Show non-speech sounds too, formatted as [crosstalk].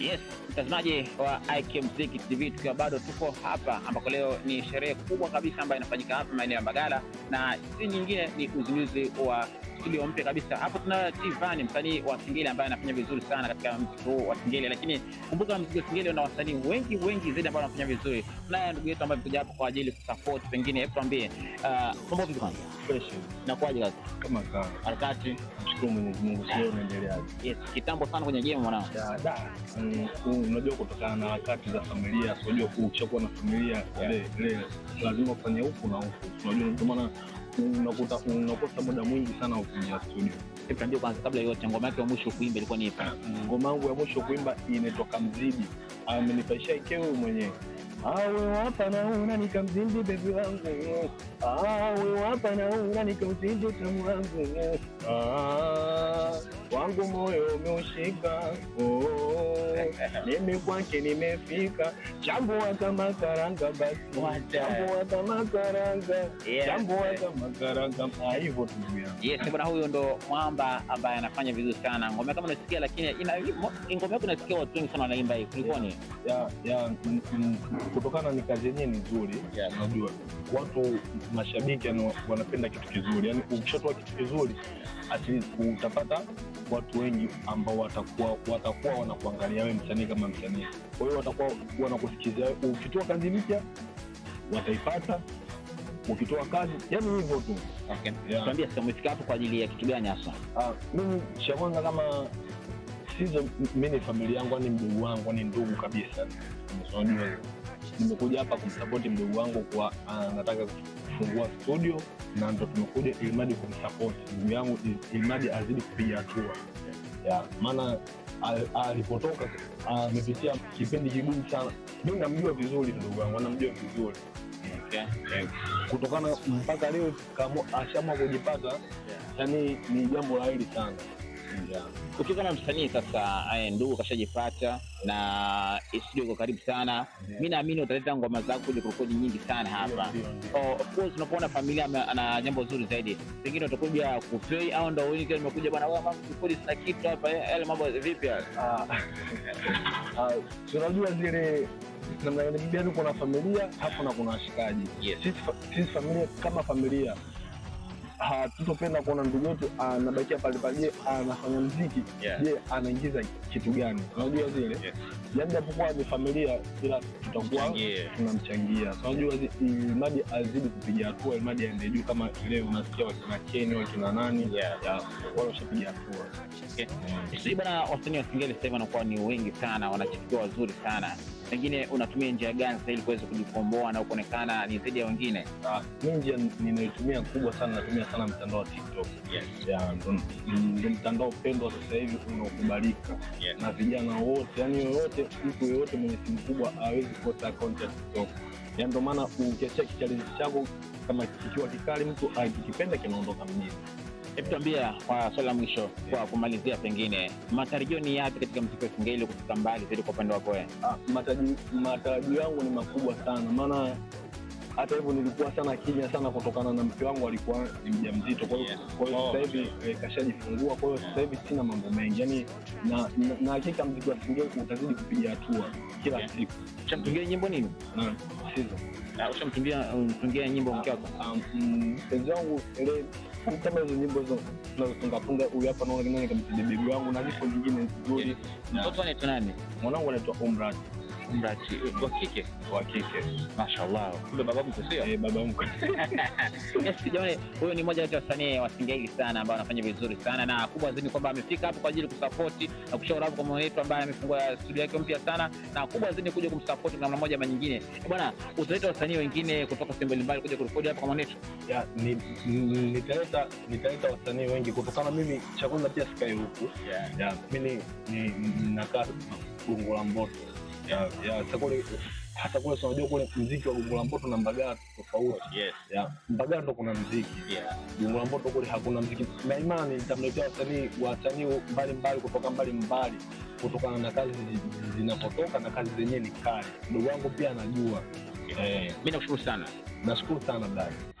Yes, mtazamaji wa IQ Muziki TV, tukiwa bado tuko hapa ambako leo ni sherehe kubwa kabisa ambayo inafanyika hapa maeneo ya Mbagala na si nyingine ni uzinduzi wa mtindo mpya kabisa. Hapo tuna Tivan, msanii wa singeli ambaye anafanya vizuri sana katika mziki huu wa singeli, lakini kumbuka mziki wa singeli una wasanii wengi wengi zaidi ambao wanafanya vizuri. Tunaye ndugu yetu ambaye amekuja hapo kwa ajili ya support, pengine hebu tuambie uh, mambo vipi kwanza, fresh Na inakuaje kazi kama kawa harakati? Mshukuru Mwenyezi Mungu, sio unaendeleaje? Yes, kitambo sana kwenye game mwanao. da. Mm, unajua, kutokana na harakati za familia, unajua kuchokuwa na familia, lazima kufanya huku na huku, unajua ndio maana unakuta unakosa muda mwingi sana wa studio. Hebu kwanza, kabla yote, ngoma yake ya mwisho kuimba ilikuwa ni ipi? Mm, ngoma yangu ya mwisho kuimba imetoka mzidi, ah, amenipaisha ikeo mwenyewe Awe hapa naona nikamzidi bebi wangu, awe hapa naona nikamzidi tamu wangu. Ah wangu moyo umeushika, oh, mimi kwake nimefika, chambua kama karanga, basi chambua kama karanga, chambua kama karanga, ah, hivyo tu. Yes, bwana huyo ndo mwamba ambaye anafanya vizuri sana ngoma, kama unasikia, lakini ngoma yako unasikia watu wengi sana wanaimba hii, kulikoni? Ya, ya, kutokana ni kazi yenyewe ni nzuri, unajua watu mashabiki wanapenda kitu kizuri, yani ukishatoa kitu kizuri atleast utapata watu wengi ambao watakuwa watakuwa wanakuangalia wewe msanii kama msanii. Kwa hiyo watakuwa wanakusikiza. ukitoa kazi mpya wataipata, ukitoa kazi, yani hivyo tu. Okay. Yeah. Tuambie sasa umefika hapo kwa ajili ya kitu gani hasa? Ah, mimi Shamwanga kama sizo, mimi ni familia yangu, ni mdogo wangu, ni ndugu kabisa. Nimekuja hapa kumsapoti mdogo wangu kwa anataka ah, uh, kufungua studio na ndo tumekuja ilimadi kumsapoti ndugu yangu ilimadi azidi kupiga hatua, maana alipotoka amepitia kipindi kigumu sana. Mimi namjua vizuri ndugu yangu, anamjua vizuri eh, kutokana mpaka leo ashamwa kujipata, yani ni jambo la hili sana yeah. Ukiwa na msanii sasa, eh, ndugu kashajipata na studio iko karibu sana yeah. Mi naamini utaleta ngoma zako kuja kurekodi nyingi sana hapa oh, of course unapoona familia ana jambo zuri zaidi, pengine utakuja kufei au ndo wewe umekuja bwana, wewe mambo kurekodi sina kitu hapa, eh, yale mambo vipi yale? Ah, ah, zile namna gani, kuna familia hapo na kuna washikaji. Sisi familia kama familia hatutopenda ah, kuona ndugu yetu ah, anabakia pale pale. Ah, anafanya mziki? Je, anaingiza kitu gani? Unajua zile yani, japokuwa ni familia, ila tutakuwa tunamchangia. Unajua ilimadi azidi kupiga hatua, ilimadi aende juu. Kama ile unasikia wakina Keni wakina nani wala washapiga hatua bana. Wasanii wa Singeli sasa hivi wanakuwa ni wengi sana, wanachipikiwa wazuri sana pengine unatumia njia gani sasa ili kuweza kujikomboa na kuonekana ni zaidi ya wengine? Ah, mi njia ninayotumia kubwa sana, natumia sana mtandao wa TikTok. Ndio mtandao pendwa sasa hivi unaokubalika na vijana wote, yani yoyote, mtu yoyote mwenye simu kubwa awezi kukosa akaunti ya TikTok. ndomaana maana ukiachia kichalizi chako kama kikiwa kikali, mtu akikipenda kinaondoka mjini. Hebu tuambia kwa swala la mwisho, kwa kumalizia, pengine matarajio ni yapi katika mziki wa singeli kufika mbali zaidi kwa upande wako ah, Matarajio yangu ni makubwa sana maana hata hivyo nilikuwa sana kimya sana kutokana na mke wangu alikuwa ni mjamzito, kwa hiyo yeah. sasa hivi oh. eh, kashajifungua. Kwa hiyo yeah. sasa hivi sina mambo mengi yani, na na, hakika mziki wa singeli utazidi kupiga hatua kila yeah. siku. chamtungia nyimbo nini? sizo ah, Ushamtungia nyimbo mke wako? Um, mpenzi wangu ile kama hizo nyimbo hizo tunazotunga tunga, huyu hapa naona kinani kamsaidia bibi wangu na ziko nyingine nzuri. Mtoto anaitwa nani? Mwanangu anaitwa Omrad. Umra wa kike wa kike, mashallah. Kule baba mkwe sio? Eh, baba mkwe. [laughs] Yes, jamani, huyo ni mmoja kati wasanii wa Singeli sana ambao anafanya vizuri sana, na kubwa zaidi kwamba amefika hapo kwa ajili kusapoti na kushauri hapo kwa mwana wetu ambaye amefungua studio yake mpya sana, na kubwa zaidi kuja kumsapoti kwa namna moja ama nyingine. Bwana, utaleta wasanii wengine kutoka sehemu mbalimbali kuja kurekodi hapa kwa mwana wetu? Ya, nitaleta nitaleta wasanii wengi kutokana, mimi chakula pia sikai huku. Ya, mimi ni nakaa Gongo la Mboto ya hata kule hata kule unajua kule wa Gongo la Mboto na Mbagala tofauti. Oh, yes. Mbagala ndo kuna mziki Yeah. Gongo la Mboto kule hakuna mziki. Na imani nitamletea wasanii wasanii mbalimbali kutoka mbali mbali kutokana na kazi zinapotoka na kazi zenyewe ni kali. Ndugu wangu pia anajua. Okay. Eh, mimi nakushukuru sana. Nashukuru sana dada.